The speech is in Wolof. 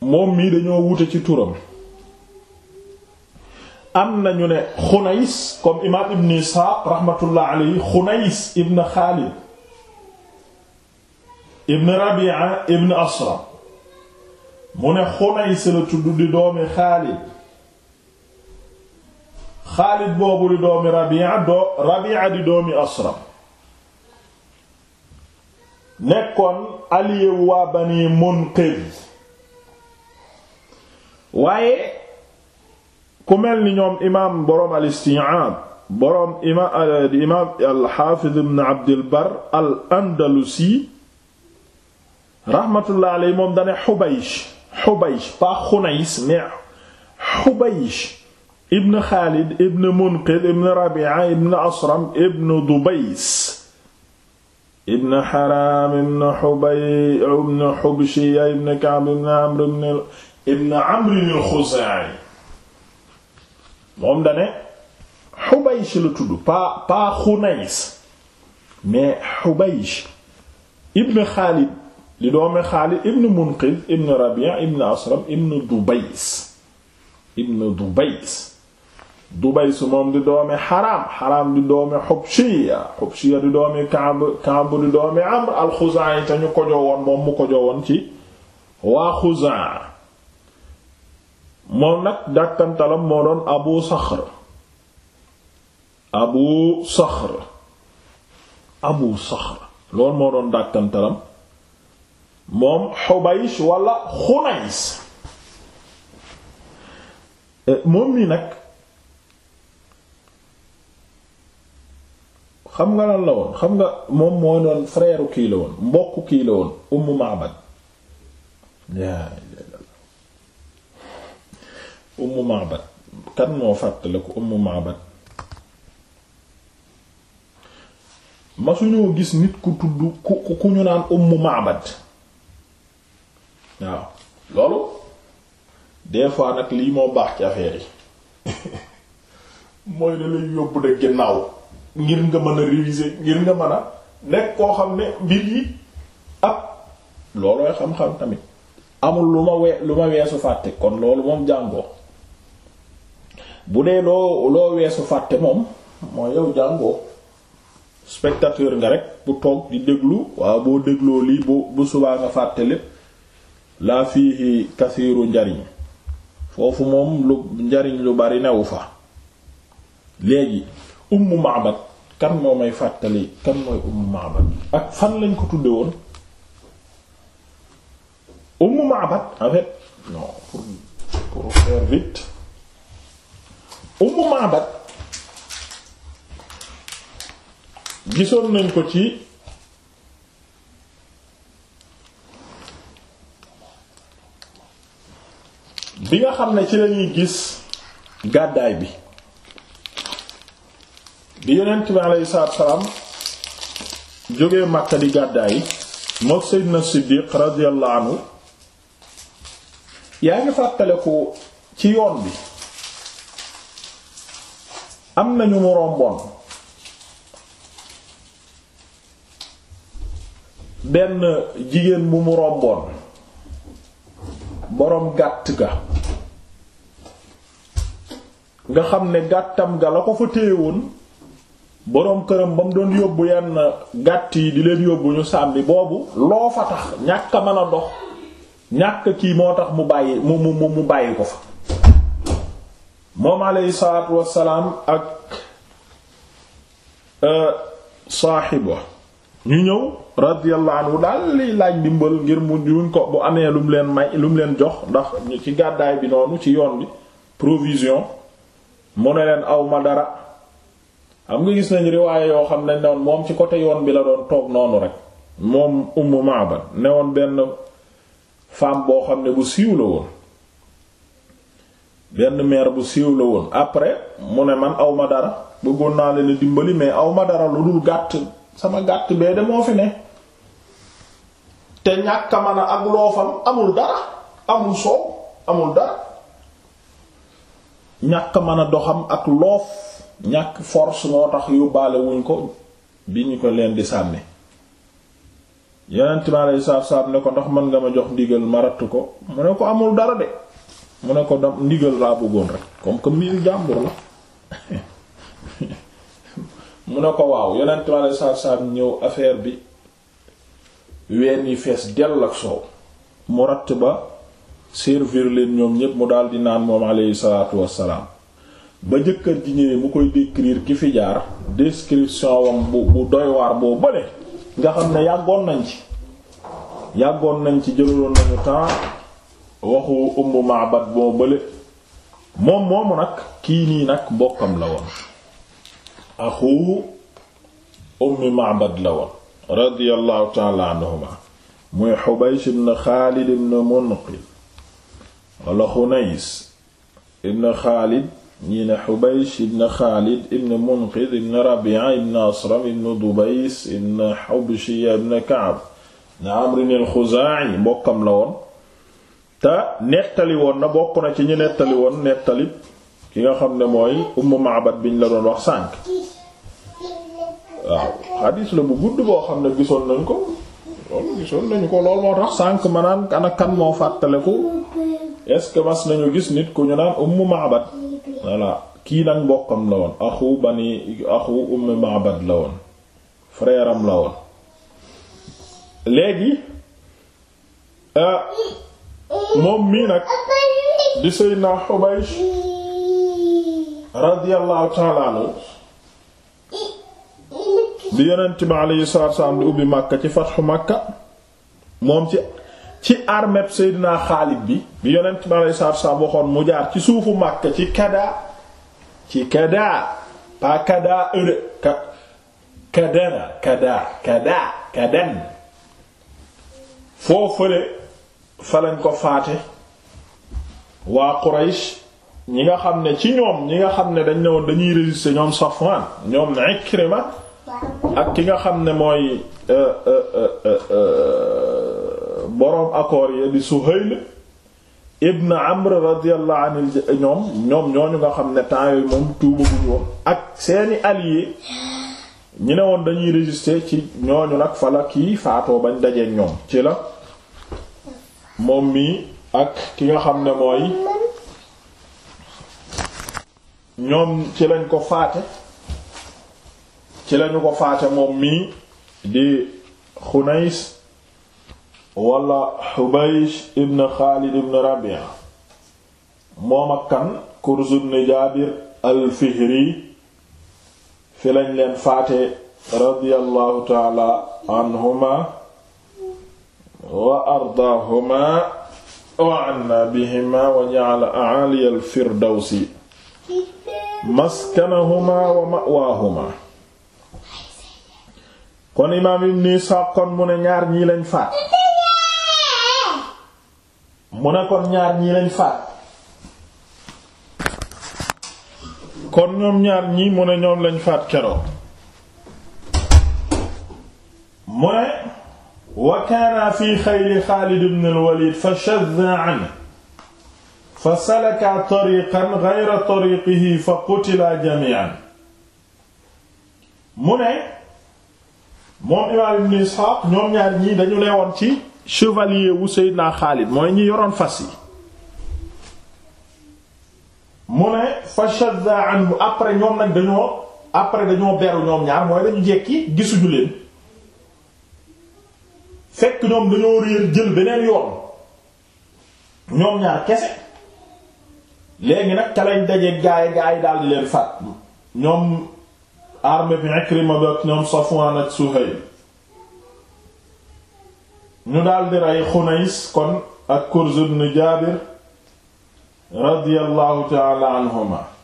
moom mii dañoo wute ci turam am nañu ne xunays comme imaam ibn isxaaq rahmatullah alayhi xunays ibn xaalid ibn rabia ibn asram mu ne xunays la tudd di doomi xaalid xaalid boobu di doomi rabia doo di doomi asram nekkoon aliyewu waa bani munqidh waaye ku mel ni ñoom imaam boroom al-Isti'ab boroom imaam imaam al Abd al-Barr rahmatullah alayhi moom dane Hubaysh Hubaysh pas Xunays mais Hubaysh ibn Khalid ibn Munqidh ibn Rabi'a ibn Asram ibn Dubays ibn Haram ibn Hubay ibn Hubshiya ibn Ka'b ibn Amr ibn ibn amrin al-Xuzaa'i moom dane Xubaysh la tudd pa pa Xunays mais Xubaysh ibn Xaalid li doomi Xaalid ibn Munqid ibn Rabi' ibn Asram ibn Dubays ibn Dubays Dubays moom di doomi Xaraam Xaraam di doomi Xubshiya Xubshiya di doomi Kaab Kaab di doomi Amr al-Xuzaa'i te ñu ko moom mu ko ci waa Xuzaa moom nag dàkkantalam moo doon abu saxr abu saxr abu saxr loolu moo doon dàkkantalam moom xubays walla xunays eh, moom mi nag xam nga lan la woon xam nga moom moo doon frère kii la woon mbokk kii la woon ummu ma'bad Ummu Ma'bad kan moo fàttaliku Ummu Ma'bad ma suñoo gis nit ku tudd ku ku ñu naan Ummu Ma'bad waaw loolu des fois nag lii moo baax ci affaire yi mooy da lay yóbbu de ginnaaw ngir nga mën a réviser ngir nga mën a nekk koo xam ne mbir yi ab ah, loolooy xam-xam tamit amul lu ma we lu ma weesu fàtte kon loolu moom jàngoo bu dee loo loo weesu fàtte moom mooy yow jàngoo spectateur nga rek bu toog di déglu waaw boo dégloo lii bu bu subaa nga fàtte lépp laa fii kasiiru njariñ foofu moom lu njariñ lu bari newu fa léegi ummu Ma'bad kan moo may fàttali kan mooy ummu Ma'bad ak lañ ko tudde woon pour pour faire Ummu Ma'bad gisoon nañ ko ci bi nga xam ne ci lañuy gis gàddaay bi bi yonent bi aleyhi salaatu salaam jógee Makka di gàddaay mook Seydina Siddiq radiyallahu anhu yaa ngi fàttale ko ci yoon bi am nañu mu romboon benn jigéen bu mu romboon boroom gàtt ga nga xam ne gàttam ga la ko fa téye woon boroom këram ba mu doon yóbbu yenn gàtt yi di leen yóbbu ñu sàmmi boobu loo fa tax ñàkk a mën a dox ñàkk kii moo tax mu bàyyi mu mu mu bàyyi ko fa moom aleyhi salaatu wassalaam ak euh, saaxiba ñu ñëw radiyallahu anhu daal liy laaj bi ndimbal ngir mu yuñ ko bu amee lu mu leen may lu mu leen jox ndax ñu ci gàddaay bi noonu ci yoon bi provision mu ne leen aw ma dara xam nga gis nañu riwaaye yoo xam ne doon moom ci côté yoon bi la doon toog noonu rek moom Ummu Ma'bad ne woon benn femme boo xam ne bu siiw la woon benn maire bu siiw la woon après mu ne man awma dara bëggoon naa leen dimbali mais awma dara lu dul gàtt sama gàtt bee de moo fi ne te ñàkk a ak loofam amul dara amul soow amul dara ñàkk a mën a doxam ak loof ñàkk force moo tax yóbbaale wuñ ko bi ñu ko leen di sànni yeneen mi alei saatu salaam ne ko ndax mën nga ma jox ndigal ma ratt ko mu ne ko amul dara de mu ne ko dam ndigal laa bëggoon rek comme que miir jàmbur la mu ne ko waaw yonent bi alei ñëw affaire bi ween yi fees dell ak soow mu ratt ba servir leen ñoom ñépp mu daal di naan moom aleyhi salaatu wassalaam ba jëkkër ji ñëwee mu koy décrire ki fi jaar description wam bu bu doy waar boo bële nga xam ne yàggoon nañ ci yàggoon nañ ci jëlaloon nañu temps waxu Ummu Ma'bad boo bële moom moomu nag kii nii nag bokkam la woon axu Ummi Ma'bad la woon radiyallahu ta'ala anhuma muy Hubaysh ibn Xaalid ibn Munqil wala Xunays ibn Xaalid ñii ne Hubaysh ibn Xaalid ibn Munqid ibn Rabi'a ibn Asram ibn Dubays ibn Hubshiya ibn Ka'b ibn Amr al-Xuzaa'i mbokkam la woon te nettali woon na bokk na ci ñu nettali woon nettali ki nga xam ne mooy Ummu Ma'bad biñ la doon wax sànq waaw xadiis la bu gudd boo xam ne gisoon nañ ko loolu ko loolu moo tax sànq ma naan ana kan moo fàttaleku est-ce que mas nañu gis nit ku ñu naan Ummu Ma'bad voilà kii nag mbokkam la woon axu bani axu Ummu Ma'bad la woon frère la woon léegi. Euh, moom mii nag di Seydina Hubaysh radiyallahu ta'ala anhu di yonent bi alayhi salaatu wassalaam di ubbi Makka ci fatxu Makka moom ci ci armée Seydina Xaalid bi bi yonent bi alayhi salaatu wassalaam waxoon mu jaar ci suufu Makka ci kada ci kada pas kada ëre ka kadana kada kada kadan foo fële falañ ko faate waa Quraysh ñi nga xam ne ci ñoom ñi nga xam ne dañ ne woon dañuy résister ñoom Safwan ñoom Ikrima ak ki nga xam ne mooy euh, euh, euh, boroom accord yi di Suhayl ibn Amr radiyallahu anhu ñoom ñoom ñooñu nga xam ne temps yooyu moom tuubaguñu woon ak seeni alliés ñi ne woon dañuy résister ci ñooñu nag fa kii faatoo bañ dajeek ñoom ci la moom mi ak ki nga xam ne mooy ñoom ci lañ ko faate ci lañu ko faate moom mii di Xunays wala Xubaysh ibn Xaalid ibn Rabia moom ak kan Kurz ibn Jaabir al-Fihri fi lañ leen faate radiyallahu taala anhuma wa ardaahuma wa anna bihima wa ja'ala a'ali al-firdawsi maskanahuma wa ma'waahuma kon imaam ibn Isaaq kon mu ne ñaar ñii lañ faat mu ne kon ñaar ñii lañ faat kon ñoom ñaar ñii mu ne ñoom lañ faat keroog mu ne wa kaana fi xayli xaalid ibn al fa shadda anhu fa salaka tariqan ghayra tariqihi fa qutila jamii'an mu ne moom imaam ibn Isxaaq ñoom ñaar ñii dañu ne ci chevalier wu Seydina Xaalid mooy ñi yoroon fas yi mu ne fa shadda anhu après ñoom nag dañoo après dañoo beru ñoom ñaar mooy dañu jekki gisuñu leen fekk ñoom dañoo réer jël beneen yoon ñoom ñaar kese léegi nag ca lañ daje gaay gaay daal di leen faat ñoom armée bi Ikrima bi ak ñoom Safwan ak ñu daal di rey Xunays kon ak Kurz ibn Jaabir radiyallahu ta'ala anhuma